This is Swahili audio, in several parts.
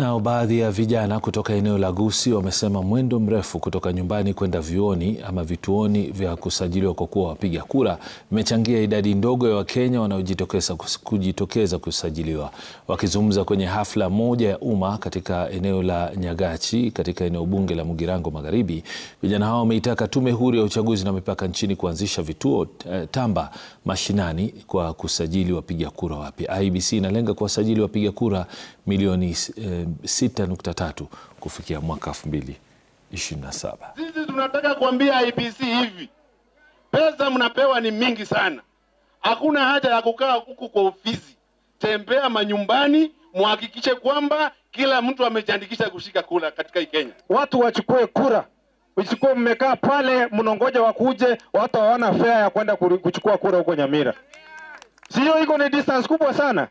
Nao baadhi ya vijana kutoka eneo la Gusii wamesema mwendo mrefu kutoka nyumbani kwenda vyuoni ama vituoni vya kusajiliwa kwa kuwa wapiga kura vimechangia idadi ndogo ya Wakenya wanaojitokeza kujitokeza kusajiliwa. Wakizungumza kwenye hafla moja ya umma katika eneo la Nyagachi katika eneo bunge la Mugirango Magharibi, vijana hao wameitaka Tume Huru ya Uchaguzi na Mipaka nchini kuanzisha vituo eh, tamba mashinani kwa kusajili wapiga kura wapya. IEBC inalenga kuwasajili wapiga kura milioni 6.3 eh, kufikia mwaka 2027. Sisi tunataka kuambia IBC hivi, pesa mnapewa ni mingi sana, hakuna haja ya kukaa huku kwa ofisi. Tembea manyumbani, muhakikishe kwamba kila mtu amejiandikisha kushika kura katika Kenya. Watu wachukue kura, msikuwe mmekaa pale mnongoja wakuje, watu hawana fea ya kwenda kuchukua kura huko Nyamira. Sio, iko ni distance kubwa sana.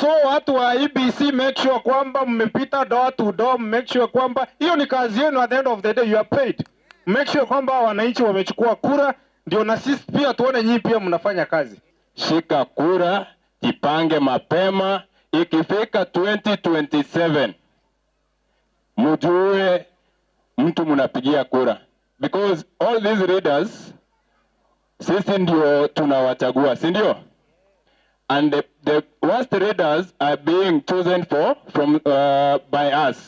So watu wa IBC make sure kwamba mmepita door to door, make sure kwamba hiyo ni kazi yenu. At the end of the day you are paid. Make sure kwamba wananchi wamechukua kura, ndio na sisi pia tuone nyinyi pia mnafanya kazi. Shika kura, jipange mapema. Ikifika 2027 mjue mtu mnapigia kura, because all these leaders sisi ndio tunawachagua, si ndio? and the, the worst readers are being chosen for from, uh, by us.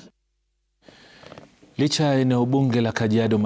Licha ya eneo bunge la Kajiado